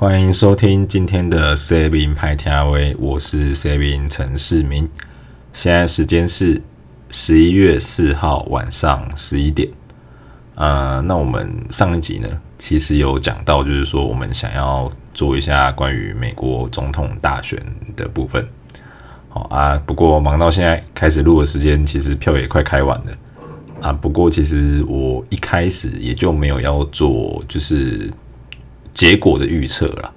歡迎收聽今天的 C B N 派 T R V，我是 C B N 陳世民。現在時間是十一月四號晚上十一點。呃，那我們上一集呢，其實有講到，就是說我們想要做一下關於美國總統大選的部分。好、哦、啊，不過忙到現在開始錄的時間，其實票也快開完了啊。不過其實我一開始也就沒有要做，就是。結果的預測啦，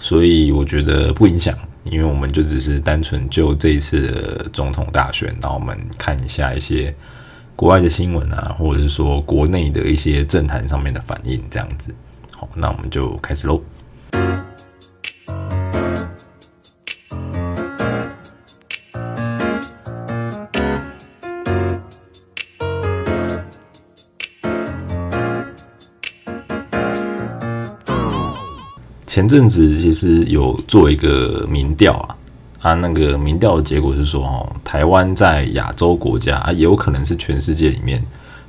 所以我覺得不影響，因為我們就只是單純就這一次的總統大選，然後我們看一下一些國外的新聞啊，或者是說國內的一些政壇上面的反應這樣子。好，那我們就開始嘍。前陣子其實有做一個民調啊，啊，那個民調的結果是說，哦，台灣在亞洲國家啊，也有可能是全世界裡面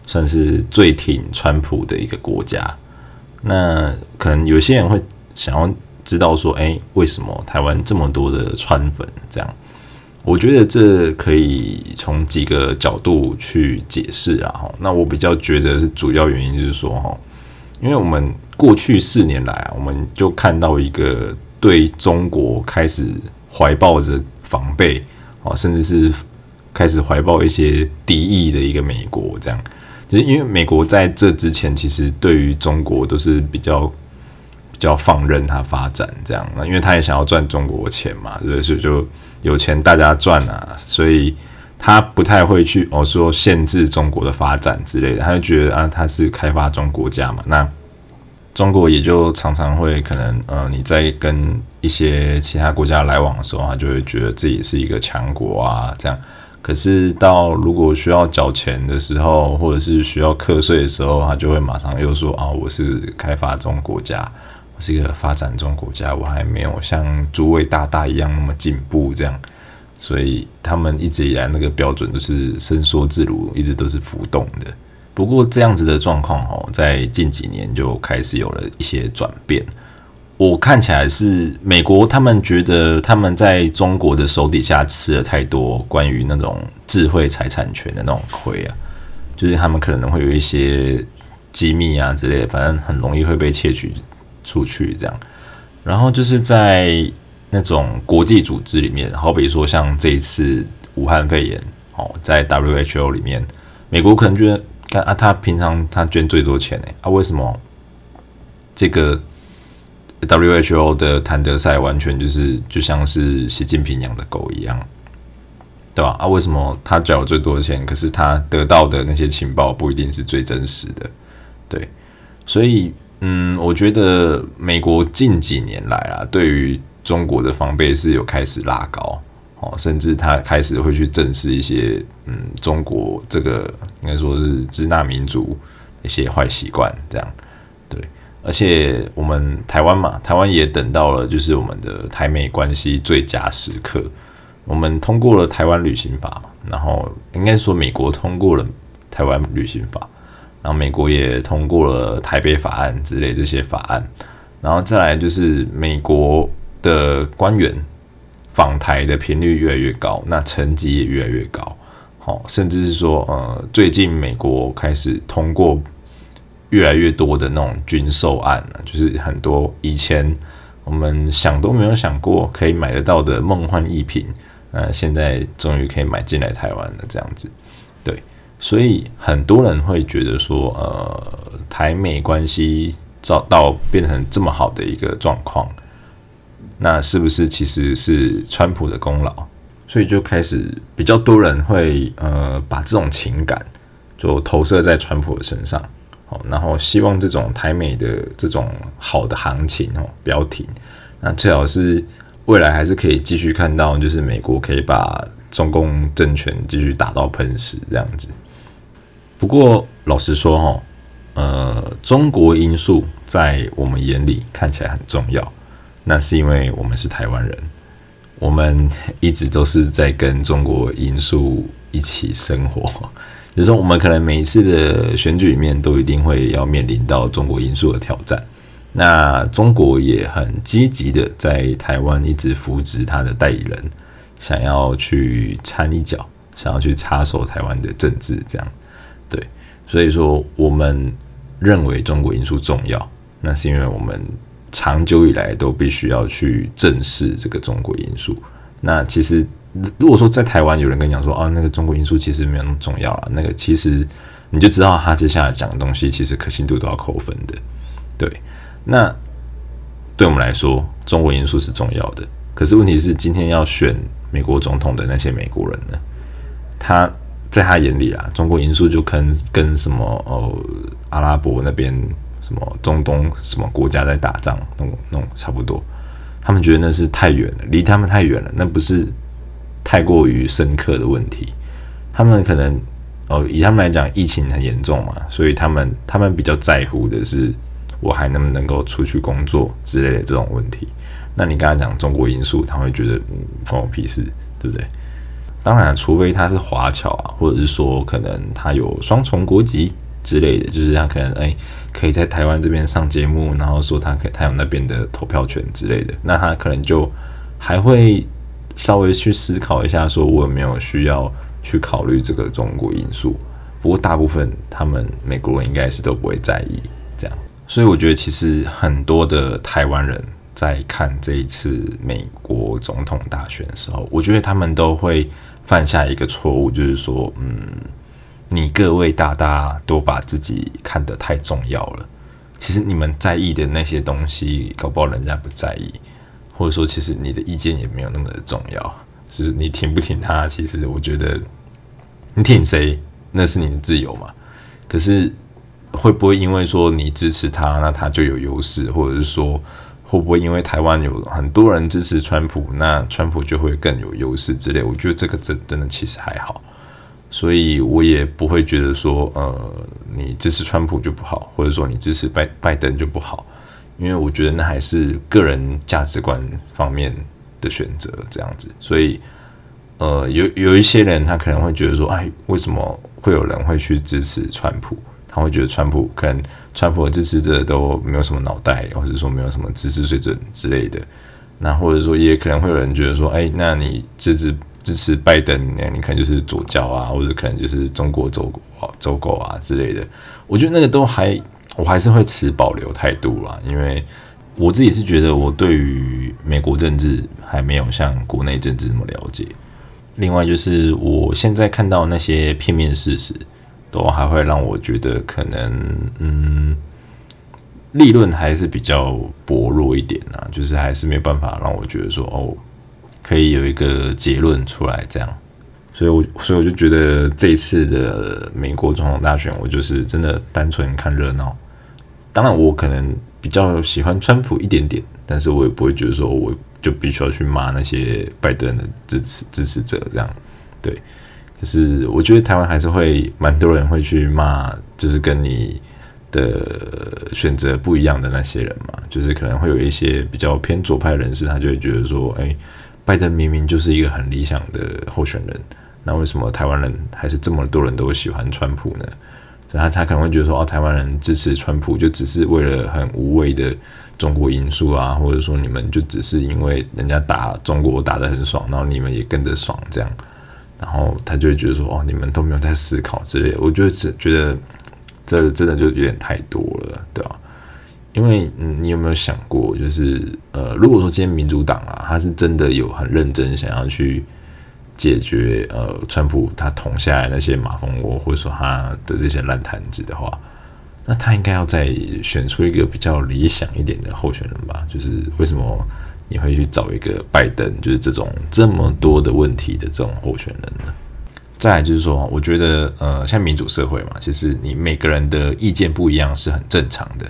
算是最挺川普的一個國家。那可能有些人會想要知道說，誒，為什麼台灣這麼多的川粉？這樣，我覺得這可以從幾個角度去解釋啊。那我比較覺得是主要原因就是說，哦，因為我們。過去四年來啊，我們就看到一個對中國開始懷抱着防備、哦、甚至是開始懷抱一些敵意的一個美國，這樣。就是因為美國在這之前其實對於中國都是比較比較放任它發展這樣，那、啊、因為他也想要賺中國錢嘛，對不對？所以就有錢大家賺啊，所以他不太會去哦說限制中國的發展之類的，他就覺得啊他是開發中國家嘛，那。中國也就常常會可能呃，你在跟一些其他國家來往的時候，他就會覺得自己是一個強國啊，這樣。可是到如果需要繳錢的時候，或者是需要課稅的時候，他就會馬上又說啊，我是開發中國家，我是一個發展中國家，我還沒有像諸位大大一樣那麼進步這樣。所以他們一直以來那個標準都是伸縮自如，一直都是浮動的。不過這樣子的狀況哦，在近幾年就開始有了一些轉變。我看起來是美國，他們覺得他們在中國的手底下吃了太多關於那種智慧財產權的那種虧啊，就是他們可能會有一些機密啊之類的，反正很容易會被竊取出去這樣。然後就是在那種國際組織裡面，好比說像這一次武漢肺炎哦，在 WHO 裡面，美國可能覺得。但啊，他平常他捐最多錢呢、欸，啊，為什麼這個 WHO 的譚德塞完全就是就像是習近平養的狗一樣，對吧，啊？啊，為什麼他捐最多錢，可是他得到的那些情報不一定是最真實的？對，所以嗯，我覺得美國近幾年來啊，對於中國的防備是有開始拉高。甚至他開始會去正視一些，嗯，中國這個應該說是支那民族一些壞習慣，這樣，對，而且我們台灣嘛，台灣也等到了就是我們的台美關係最佳時刻，我們通過了台灣旅行法嘛，然後應該說美國通過了台灣旅行法，然後美國也通過了台北法案之類這些法案，然後再來就是美國的官員。訪台的頻率越來越高，那層級也越來越高，好，甚至是說，呃，最近美國開始通過越來越多的那種軍售案，就是很多以前我們想都沒有想過可以買得到的夢幻逸品，那、呃、現在終於可以買進來台灣了，這樣子，對，所以很多人會覺得說，呃，台美關係找到，到變成這麼好的一個狀況。那是不是其實是川普的功勞？所以就開始比較多人會呃把這種情感就投射在川普的身上，好、哦，然後希望這種台美的這種好的行情哦不要停，那最好是未來還是可以繼續看到，就是美國可以把中共政權繼續打到噴死這樣子。不過老實說哈、哦，呃，中國因素在我們眼裡看起來很重要。那是因為我們是台灣人，我們一直都是在跟中國因素一起生活。就是我們可能每一次的選舉裡面，都一定會要面臨到中國因素的挑戰。那中國也很積極的在台灣一直扶植他的代理人，想要去摻一腳，想要去插手台灣的政治，這樣對。所以說，我們認為中國因素重要，那是因為我們。長久以來都必須要去正視這個中國因素。那其實，如果說在台灣有人跟你講說啊、哦，那個中國因素其實沒有那麼重要啊，那個其實你就知道他接下來講的東西其實可信度都要扣分的。對，那對我們來說，中國因素是重要的。可是問題是，今天要選美國總統的那些美國人呢？他在他眼裡啊，中國因素就跟跟什麼哦，阿拉伯那邊。什麼中東什麼國家在打仗，弄弄差不多，他們覺得那是太遠了，離他們太遠了，那不是太過於深刻的問題。他們可能哦，以他們來講，疫情很嚴重嘛，所以他們他們比較在乎的是我還能不能夠出去工作之類的這種問題。那你剛才講中國因素，他會覺得嗯，關我屁事，對不對？當然啊，除非他是華僑啊，或者是說可能他有雙重國籍。之類的，就是他可能誒、欸、可以在台灣這邊上節目，然後說他可以，他有那邊的投票權之類的，那他可能就還會稍微去思考一下，說我有沒有需要去考慮這個中國因素。不過大部分他們美國人應該是都不會在意這樣，所以我覺得其實很多的台灣人在看這一次美國總統大選的時候，我覺得他們都會犯下一個錯誤，就是說，嗯。你各位大大都把自己看得太重要了，其實你們在意的那些東西，搞不好人家不在意，或者說，其實你的意見也沒有那麼的重要。就是你挺不挺他，其實我覺得你挺誰那是你的自由嘛。可是會不會因為說你支持他，那他就有優勢，或者是說，會不會因為台灣有很多人支持川普，那川普就會更有優勢之類？我覺得這個真的真的其實還好。所以我也不會覺得說，呃，你支持川普就不好，或者說你支持拜拜登就不好，因為我覺得那還是個人價值觀方面的選擇這樣子。所以，呃，有有一些人他可能會覺得說，哎，為什麼會有人會去支持川普，他會覺得川普可能川普的支持者都沒有什麼腦袋，或者說沒有什麼知識水準之類的。那或者說也可能會有人覺得說，哎，那你支持，支持拜登，那你可能就是左教啊，或者可能就是中國走走狗啊之類的，我覺得那個都還，我還是會持保留態度啦。因為我自己是覺得，我對於美國政治還沒有像國內政治那麼了解。另外，就是我現在看到那些片面事實，都還會讓我覺得可能，嗯，立論還是比較薄弱一點啦、啊，就是還是沒有辦法讓我覺得說哦。可以有一個結論出來，這樣，所以我所以我就覺得這一次的美國總統大選，我就是真的單純看熱鬧。當然，我可能比較喜歡川普一點點，但是我也不會覺得說我就必須要去罵那些拜登的支持支持者這樣。對，可是我覺得台灣還是會蠻多人會去罵，就是跟你的選擇不一樣的那些人嘛。就是可能會有一些比較偏左派人士，他就會覺得說，哎、欸。拜登明明就是一個很理想的候選人，那為什麼台灣人還是這麼多人都會喜歡川普呢？所以他，他可能會覺得說，哦、啊，台灣人支持川普就只是為了很無謂的中國因素啊，或者說你們就只是因為人家打中國打得很爽，然後你們也跟着爽這樣，然後他就會覺得說，哦，你們都沒有在思考之類的，我覺得覺得這真的就有點太多了，對吧？因為、嗯、你有沒有想過，就是呃，如果說今天民主黨啊，他是真的有很認真想要去解決呃，川普他捅下來那些馬蜂窩，或者說他的這些爛攤子的話，那他應該要再選出一個比較理想一點的候選人吧？就是為什麼你會去找一個拜登，就是這種這麼多的問題的這種候選人呢？再來就是說，我覺得呃，像民主社會嘛，其實你每個人的意見不一樣是很正常的。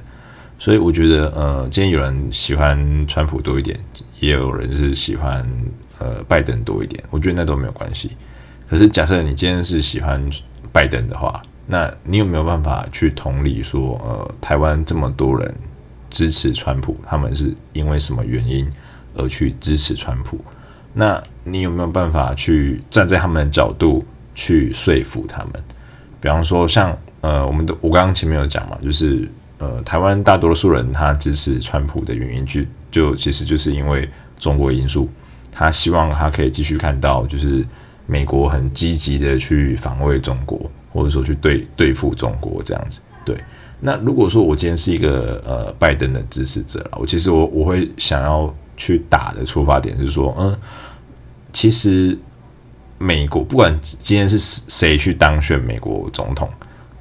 所以我覺得，呃，今天有人喜歡川普多一點，也有人是喜歡，呃，拜登多一點。我覺得那都沒有關係。可是，假設你今天是喜歡拜登的話，那你有沒有辦法去同理說，呃，台灣這麼多人支持川普，他們是因為什麼原因而去支持川普？那你有沒有辦法去站在他們的角度去說服他們？比方說像，像呃，我們的，我剛剛前面有講嘛，就是。呃，台灣大多數人他支持川普的原因，就就其實就是因為中國因素，他希望他可以繼續看到，就是美國很積極的去防衛中國，或者說去對對付中國這樣子。對，那如果說我今天是一個呃拜登的支持者，我其實我我會想要去打的出發點是說，嗯、呃，其實美國不管今天是誰去當選美國總統。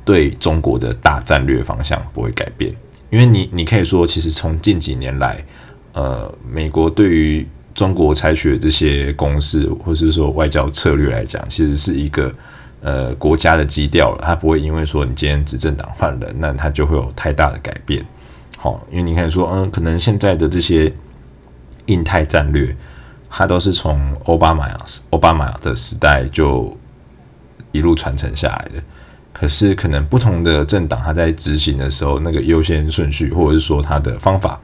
對中國的大戰略方向不會改變，因為你你可以說，其實從近幾年來，呃，美國對於中國採取的這些攻勢，或是說外交策略來講，其實是一個呃國家的基調了，它不會因為說你今天執政黨換人，那它就會有太大的改變。好、哦，因為你可以說，嗯、呃，可能現在的這些印太戰略，它都是從歐巴馬、歐巴馬的時代就一路傳承下來的。可是，可能不同的政黨，他在執行的時候，那個優先順序，或者是說他的方法，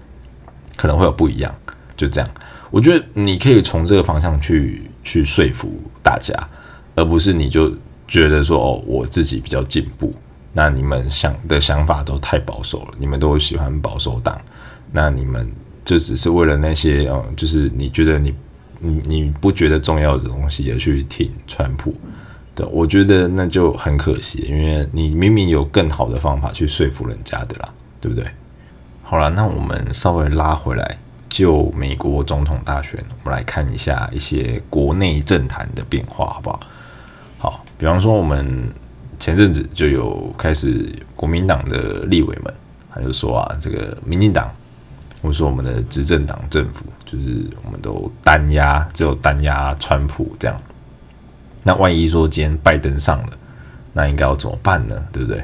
可能會有不一樣。就這樣，我覺得你可以從這個方向去去說服大家，而不是你就覺得說哦，我自己比較進步，那你們想的想法都太保守了，你們都喜歡保守黨，那你們就只是為了那些哦、嗯，就是你覺得你你你不覺得重要的東西而去挺川普。我覺得那就很可惜，因為你明明有更好的方法去說服人家的啦，對不對？好了，那我們稍微拉回來，就美國總統大選，我們來看一下一些國內政壇的變化，好不好？好，比方說我們前陣子就有開始，國民黨的立委們他就說啊，這個民進黨或者說我們的執政黨政府，就是我們都單押，只有單押川普這樣。那萬一說今天拜登上了，那應該要怎麼辦呢？對不對？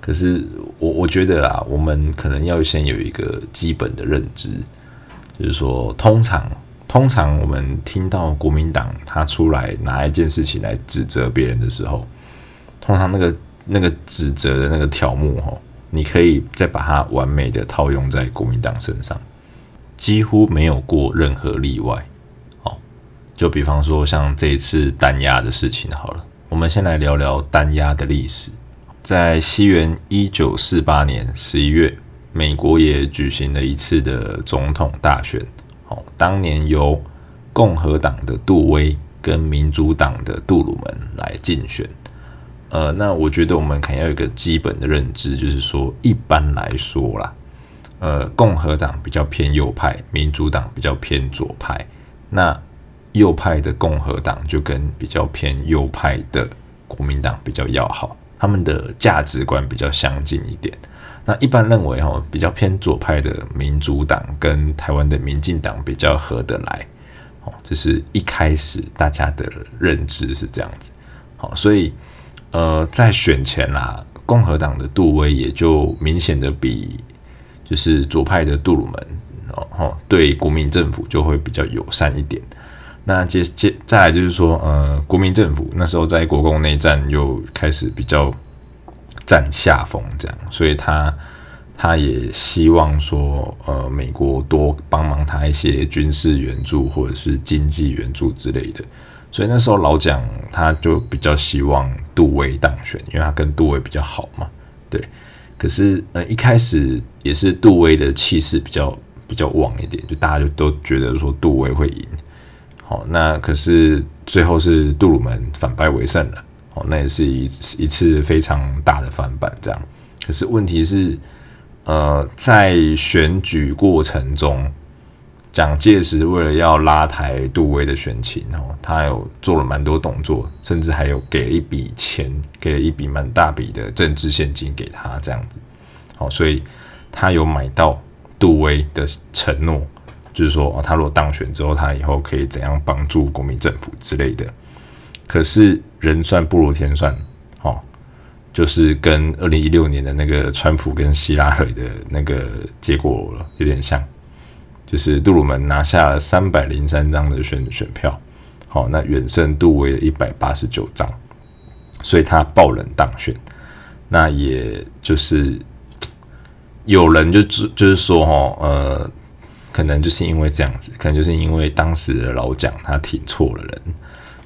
可是我我覺得啦，我們可能要先有一個基本的認知，就是說，通常通常我們聽到國民黨他出來拿一件事情來指責別人的時候，通常那個那個指責的那個條目哦，你可以再把它完美的套用在國民黨身上，幾乎沒有過任何例外。就比方說，像這一次彈壓的事情，好了，我們先來聊聊彈壓的歷史。在西元一九四八年十一月，美國也舉行了一次的總統大選。哦，當年由共和黨的杜威跟民主黨的杜魯門來競選。呃，那我覺得我們可能要有一個基本的認知，就是說，一般來說啦，呃，共和黨比較偏右派，民主黨比較偏左派。那右派的共和黨就跟比較偏右派的國民黨比較要好，他們的價值觀比較相近一點。那一般認為、哦，吼比較偏左派的民主黨跟台灣的民進黨比較合得來，哦，這、就是一開始大家的認知是這樣子。好、哦，所以呃，在選前啦、啊，共和黨的杜威也就明顯的比就是左派的杜魯門，哦，哦對國民政府就會比較友善一點的那接接再來就是說，呃，國民政府那時候在國共內戰又開始比較佔下風，這樣，所以他他也希望說，呃，美國多幫忙他一些軍事援助或者是經濟援助之類的。所以那時候老蔣他就比較希望杜威當選，因為他跟杜威比較好嘛。對，可是呃一開始也是杜威的氣勢比較比較旺一點，就大家就都覺得說杜威會贏。哦，那可是最後是杜魯門反敗為勝了，哦，那也是一一次非常大的翻版這樣。可是問題是，呃，在選舉過程中，蔣介石為了要拉抬杜威的選情哦，他有做了蠻多動作，甚至還有給了一筆錢，給了一筆蠻大筆的政治獻金給他這樣子，哦，所以他有買到杜威的承諾。就是說、哦，他如果當選之後，他以後可以怎樣幫助國民政府之類的。可是人算不如天算，哦，就是跟二零一六年的那個川普跟希拉蕊的那個結果有點像，就是杜魯門拿下了三百零三張的選選票，好、哦，那遠勝杜威的一百八十九張，所以他爆冷當選。那也就是有人就就就是說，哈、哦，呃。可能就是因為這樣子，可能就是因為當時的老蔣他挺錯了人，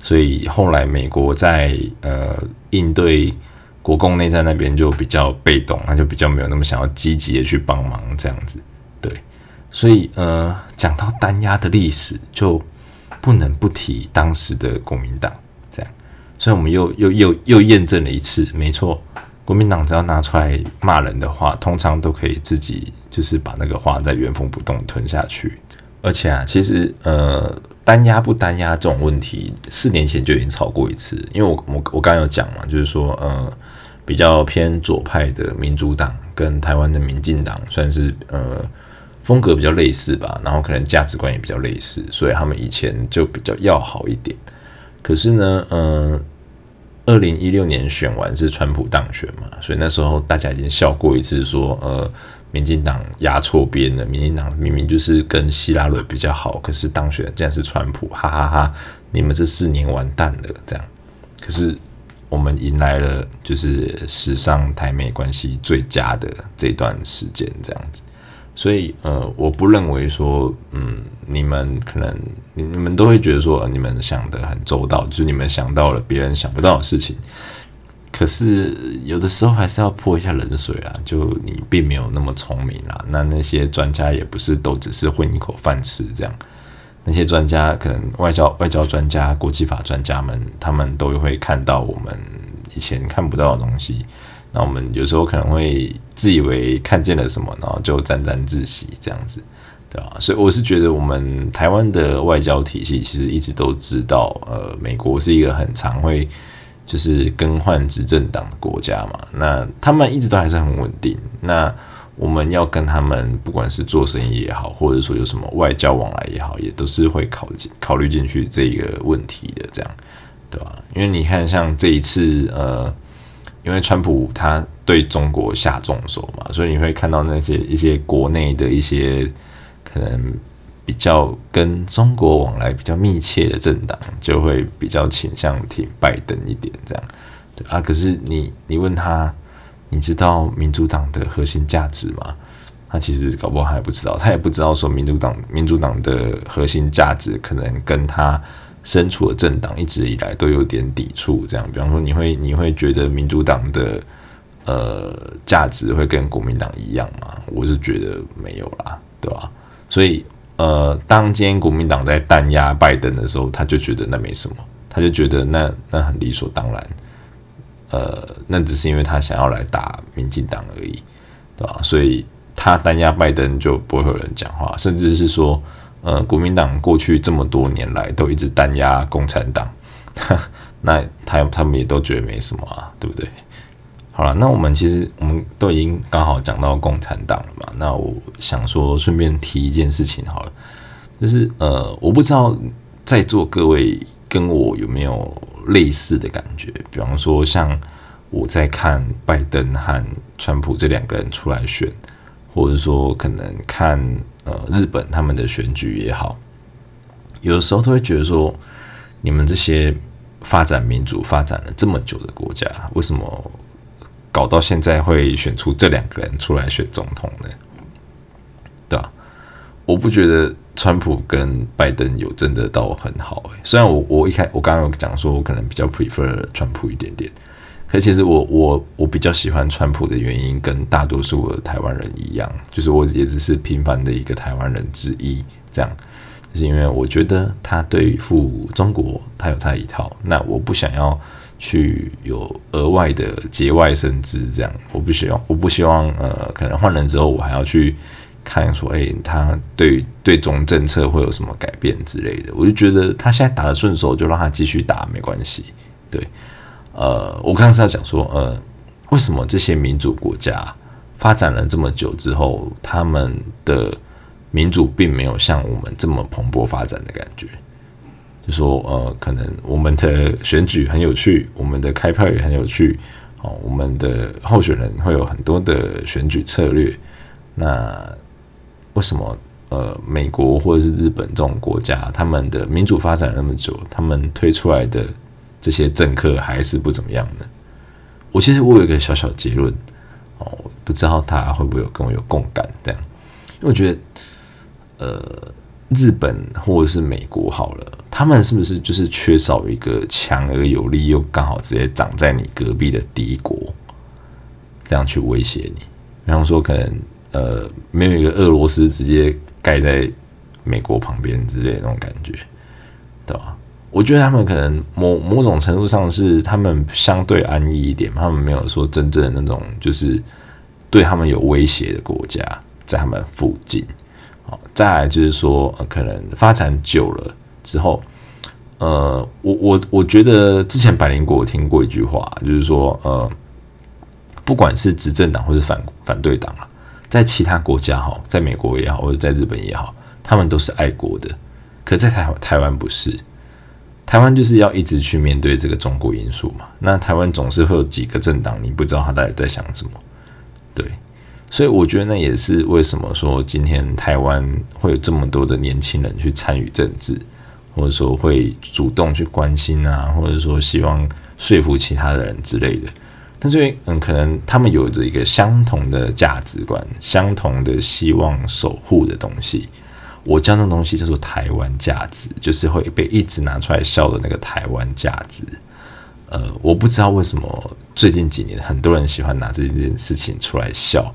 所以後來美國在呃應對國共內戰那邊就比較被動，他就比較沒有那麼想要積極的去幫忙這樣子，對，所以呃講到單押的歷史就不能不提當時的國民黨，這樣，所以我們又又又又驗證了一次，沒錯。國民黨只要拿出來罵人的話，通常都可以自己就是把那個話再原封不動吞下去。而且啊，其實呃，單押不單押這種問題，四年前就已經吵過一次。因為我我我剛剛有講嘛，就是說呃，比較偏左派的民主黨跟台灣的民進黨算是呃風格比較類似吧，然後可能價值觀也比較類似，所以他們以前就比較要好一點。可是呢，嗯、呃。二零一六年選完是川普當選嘛，所以那時候大家已經笑過一次說，說呃，民進黨壓錯邊了，民進黨明明就是跟希拉蕊比較好，可是當選竟然是川普，哈哈哈，哈，你們這四年完蛋了，這樣。可是我們迎來了就是史上台美關係最佳的這段時間這樣子。所以，呃，我不認為說，嗯，你們可能，你們都會覺得說，呃，你們想得很周到，就是你們想到了別人想不到的事情。可是，有的時候還是要潑一下冷水啊，就你並沒有那麼聰明啦。那那些專家也不是都只是混一口飯吃這樣，那些專家，可能外交外交專家、國際法專家們，他們都會看到我們以前看不到的東西。那我們有時候可能會自以為看見了什麼，然後就沾沾自喜這樣子，對啊，所以我是覺得，我們台灣的外交體系其實一直都知道，呃，美國是一個很常會就是更換執政黨的國家嘛。那他們一直都還是很穩定。那我們要跟他們，不管是做生意也好，或者說有什麼外交往來也好，也都是會考考慮進去這一個問題的，這樣，對吧？因為你看，像這一次，呃。因為川普他對中國下重手嘛，所以你會看到那些一些國內的一些可能比較跟中國往來比較密切的政黨，就會比較傾向挺拜登一點這樣。對啊，可是你你問他，你知道民主黨的核心價值嗎？他其實搞不好他還不知道，他也不知道說民主黨民主黨的核心價值可能跟他。身處的政黨一直以來都有點抵觸，這樣，比方說，你會你會覺得民主黨的呃價值會跟國民黨一樣嗎？我就覺得沒有啦，對吧？所以呃，當今天國民黨在彈壓拜登的時候，他就覺得那沒什麼，他就覺得那那很理所當然，呃，那只是因為他想要來打民進黨而已，對吧？所以他彈壓拜登就不會有人講話，甚至是說。呃，國民黨過去這麼多年來都一直彈壓共產黨，那他他們也都覺得沒什麼啊，對不對？好了，那我們其實我們都已經剛好講到共產黨了嘛，那我想說順便提一件事情好了，就是呃，我不知道在座各位跟我有沒有類似的感覺，比方說像我在看拜登和川普這兩個人出來選，或者說可能看。日本他們的選舉也好，有時候他會覺得說，你們這些發展民主發展了這麼久的國家，為什麼搞到現在會選出這兩個人出來選總統呢？對吧？啊？我不覺得川普跟拜登有真的到很好，欸。雖然我我一開我剛剛有講說我可能比較 prefer 川普一點點。可其實我我我比較喜歡川普的原因，跟大多數的台灣人一樣，就是我也只是平凡的一個台灣人之一，這樣。就是因為我覺得他對付中國，他有他一套，那我不想要去有額外的節外生枝，這樣。我不希望，我不希望，呃，可能換人之後，我還要去看說，哎，他對對中政策會有什麼改變之類的。我就覺得他現在打得順手，就讓他繼續打，沒關係，對。呃，我剛才講說，呃，為什麼這些民主國家發展了這麼久之後，他們的民主並沒有像我們這麼蓬勃發展的感覺？就說，呃，可能我們的選舉很有趣，我們的開票也很有趣，哦，我們的候選人會有很多的選舉策略。那為什麼，呃，美國或者是日本這種國家，他們的民主發展那麼久，他們推出來的這些政客還是不怎麼樣的。我其實我有一個小小結論哦，我不知道他會不會有跟我有共感這樣，因為我覺得，呃，日本或者是美國好了，他們是不是就是缺少一個強而有力又剛好直接長在你隔壁的敵國，這樣去威脅你？比方說，可能呃，沒有一個俄羅斯直接蓋在美國旁邊之類的那種感覺，對吧？我覺得他們可能某某種程度上是他們相對安逸一點，他們沒有說真正的那種就是對他們有威脅的國家在他們附近。好，再來就是說，呃，可能發展久了之後，呃，我我我覺得之前白年國我聽過一句話，就是說，呃，不管是執政黨或者反反對黨啊，在其他國家哈，在美國也好，或者在日本也好，他們都是愛國的，可在台台灣不是。台灣就是要一直去面對這個中國因素嘛，那台灣總是會有幾個政黨，你不知道他到底在想什麼，對。所以我覺得那也是為什麼說今天台灣會有這麼多的年輕人去參與政治，或者說會主動去關心啊，或者說希望說服其他的人之類的。但是，嗯，可能他們有着一個相同的價值觀，相同的希望守護的東西。我講那東西叫做台灣價值，就是會被一直拿出來笑的那個台灣價值。呃，我不知道為什麼最近幾年很多人喜歡拿這件事情出來笑，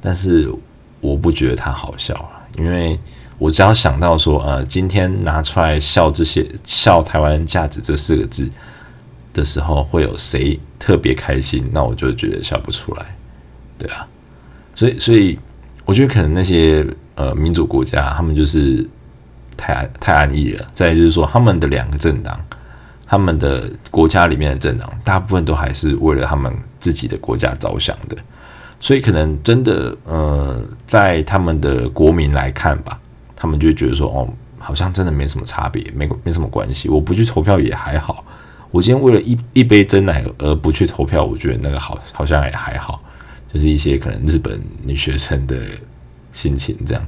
但是我不覺得它好笑，因為我只要想到說，呃，今天拿出來笑這些笑台灣價值這四個字的時候，會有誰特別開心？那我就覺得笑不出來，對啊。所以，所以我覺得可能那些。呃，民主國家他們就是太安太安逸了。再就是說，他們的兩個政黨，他們的國家裡面的政黨，大部分都還是為了他們自己的國家着想的。所以，可能真的，呃，在他們的國民來看吧，他們就覺得說，哦，好像真的沒什麼差別，沒沒什麼關係。我不去投票也還好。我今天為了一一杯珍奶而不去投票，我覺得那個好好像也還好。就是一些可能日本女學生的。心情這樣，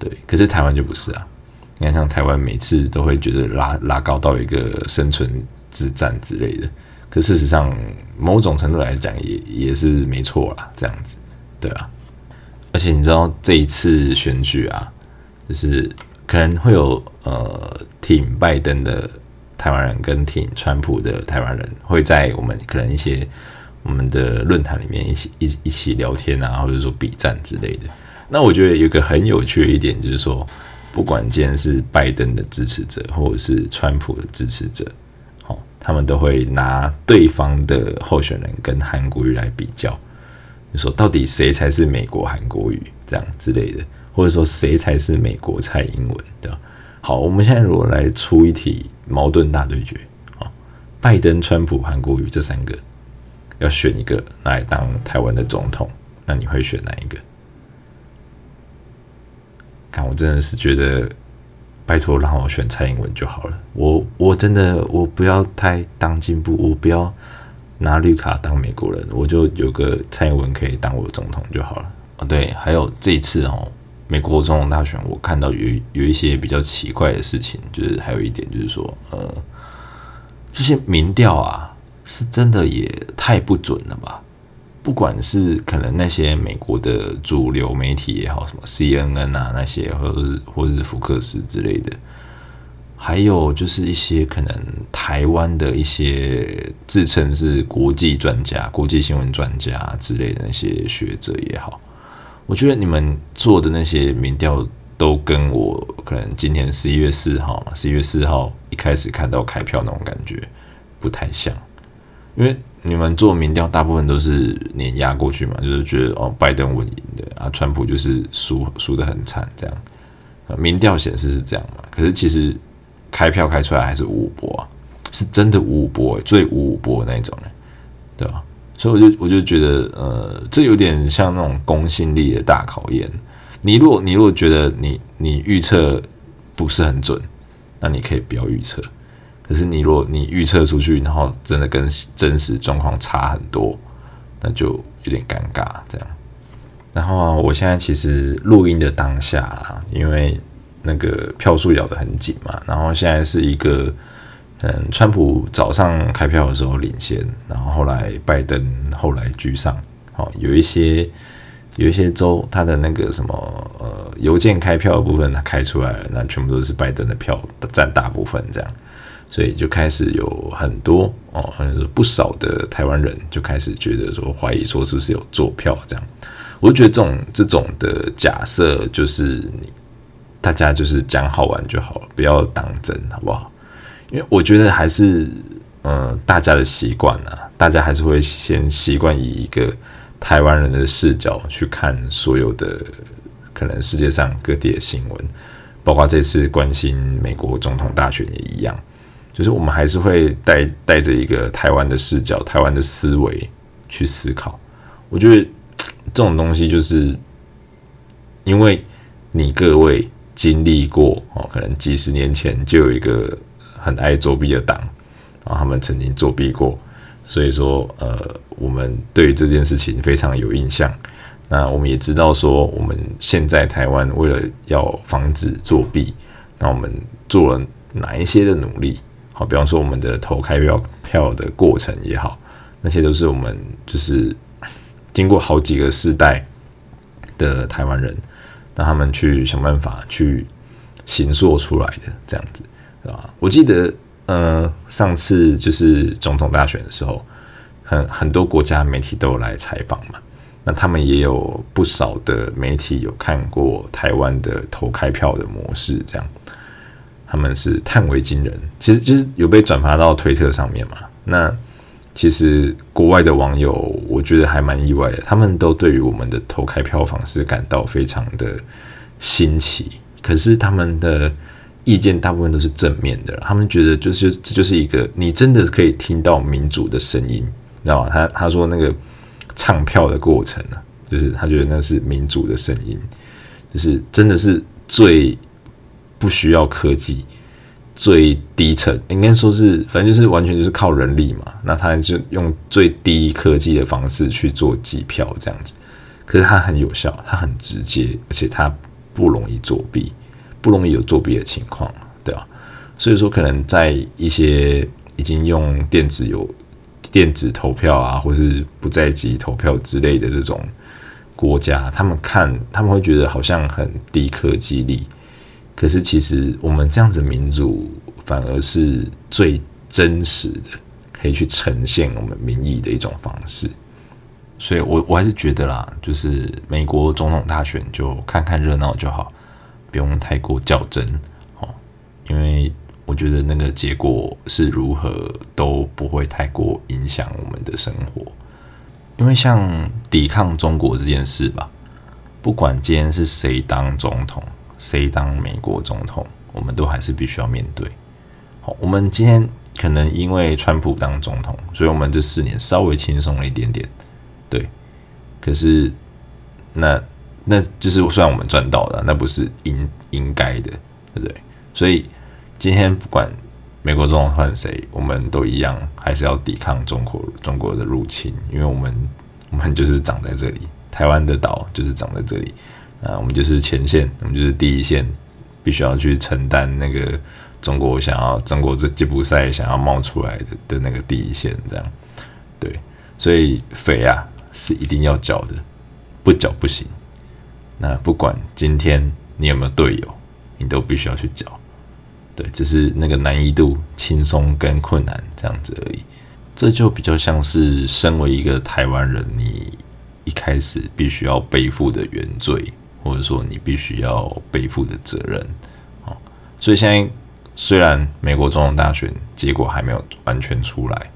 對，可是台灣就不是啊。你看，像台灣每次都會覺得拉拉高到一個生存之戰之類的。可事實上，某種程度來講，也也是沒錯啦。這樣子，對啊。而且你知道這一次選舉啊，就是可能會有呃，挺拜登的台灣人跟挺川普的台灣人，會在我們可能一些我們的論壇裡面一起一一起聊天啊，或者說比戰之類的。那我覺得有個很有趣的一點，就是說，不管今天是拜登的支持者，或者是川普的支持者，好，他們都會拿對方的候選人跟韓國瑜來比較，你說到底誰才是美國韓國瑜這樣之類的，或者說誰才是美國蔡英文的。好，我們現在如果來出一題矛盾大對決啊，拜登、川普、韓國瑜這三個要選一個來當台灣的總統，那你會選哪一個？看我真的是覺得，拜託讓我選蔡英文就好了。我我真的我不要太當進步，我不要拿綠卡當美國人，我就有個蔡英文可以當我總統就好了。啊、對，還有這一次哦，美國總統大選，我看到有有一些比較奇怪的事情，就是還有一點就是說，呃，這些民調啊，是真的也太不準了吧？不管是可能那些美國的主流媒體也好，什麼 CNN 啊那些，或者是或者是福克斯之類的，還有就是一些可能台灣的一些自稱是國際專家、國際新聞專家之類的那些學者也好，我覺得你們做的那些民調都跟我可能今天十一月四號嘛，十一月四號一開始看到開票那種感覺不太像，因為。你們做民調，大部分都是碾壓過去嘛，就是覺得哦，拜登穩贏的啊，川普就是輸輸得很慘，這樣，啊、民調顯示是這樣嘛？可是其實開票開出來還是五五波啊，是真的五五波、欸，最五五波那種、欸、對吧？所以我就我就覺得，呃，這有點像那種公信力的大考驗。你如果你如果覺得你你預測不是很準，那你可以不要預測。可是你若你預測出去，然後真的跟真實狀況差很多，那就有點尷尬這樣。然後啊，我現在其實錄音的當下啊，因為那個票數咬得很緊嘛，然後現在是一個嗯，川普早上開票的時候領先，然後後來拜登後來居上。好，哦，有一些有一些州，他的那個什麼呃郵件開票的部分，他開出來了，那全部都是拜登的票佔大部分這樣。所以就開始有很多哦，很多不少的台灣人就開始覺得說，懷疑說是不是有作票這樣。我就覺得這種這種的假設，就是大家就是講好玩就好了，不要當真，好不好？因為我覺得還是嗯、呃，大家的習慣啊，大家還是會先習慣以一個台灣人的視角去看所有的可能世界上各地的新聞，包括這次關心美國總統大選也一樣。就是我們還是會帶帶着一個台灣的視角、台灣的思維去思考。我覺得這種東西就是，因為你各位經歷過哦，可能幾十年前就有一個很愛作弊的黨，啊，他們曾經作弊過，所以說呃，我們對於這件事情非常有印象。那我們也知道說，我們現在台灣為了要防止作弊，那我們做了哪一些的努力？好，比方說我們的投開票票的過程也好，那些都是我們就是經過好幾個世代的台灣人，讓他們去想辦法去行做出來的這樣子，啊，我記得，嗯、呃，上次就是總統大選的時候，很很多國家媒體都有來採訪嘛，那他們也有不少的媒體有看過台灣的投開票的模式這樣。他們是嘆為驚人，其實就是有被轉發到推特上面嘛。那其實國外的網友，我覺得還蠻意外的。他們都對於我們的投開票方式感到非常的新奇。可是他們的意見大部分都是正面的，他們覺得就是這、就是、就是一個你真的可以聽到民主的聲音，你知道嗎？他他說那個唱票的過程啊，就是他覺得那是民主的聲音，就是真的是最不需要科技，最低層應該說是，反正就是完全就是靠人力嘛。那他就用最低科技的方式去做計票這樣子，可是它很有效，它很直接，而且它不容易作弊，不容易有作弊的情況，對吧、啊？所以說，可能在一些已經用電子有電子投票啊，或是不在籍投票之類的這種國家，他們看他們會覺得好像很低科技力。可是，其實我們這樣子民主反而是最真實的，可以去呈現我們民意的一種方式。所以我，我我還是覺得啦，就是美國總統大選就看看熱鬧就好，不用太過較真哦。因為我覺得那個結果是如何都不會太過影響我們的生活。因為像抵抗中國這件事吧，不管今天是誰當總統。誰當美國總統，我們都還是必須要面對。好，我們今天可能因為川普當總統，所以我們這四年稍微輕鬆了一點點，對。可是那，那就是算我們賺到了，那不是應應該的，對不對？所以今天不管美國總統換誰，我們都一樣還是要抵抗中國，中國的入侵，因為我們我們就是長在這裡，台灣的島就是長在這裡。啊，我們就是前線，我們就是第一線，必須要去承擔那個中國想要，中國這吉普賽想要冒出來的的那個第一線，這樣。對，所以匪啊是一定要剿的，不剿不行。那不管今天你有沒有隊友，你都必須要去剿。對，只是那個難易度輕鬆跟困難這樣子而已。這就比較像是身為一個台灣人，你一開始必須要背負的原罪，或者說你必須要背負的責任，啊，所以現在雖然美國總統大選結果還沒有完全出來，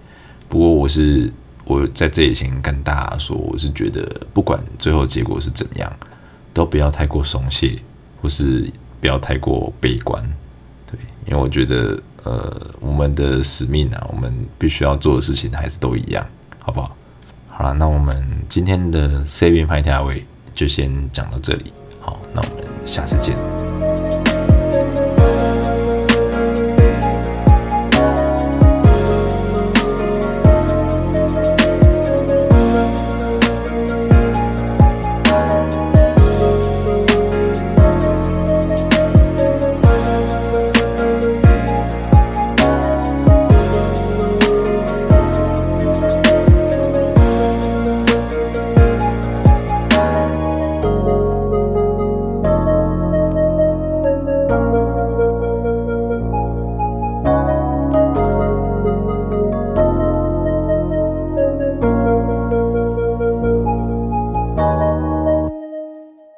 不過我是我在這裡先跟大家說，我是覺得不管最後結果是怎樣，都不要太過鬆懈，或是不要太過悲觀，對，因為我覺得呃我們的使命啊，我們必須要做的事情還是都一樣，好不好？好了，那我們今天的 Saving Python Way 就先講到這裡。好，那我們下次見。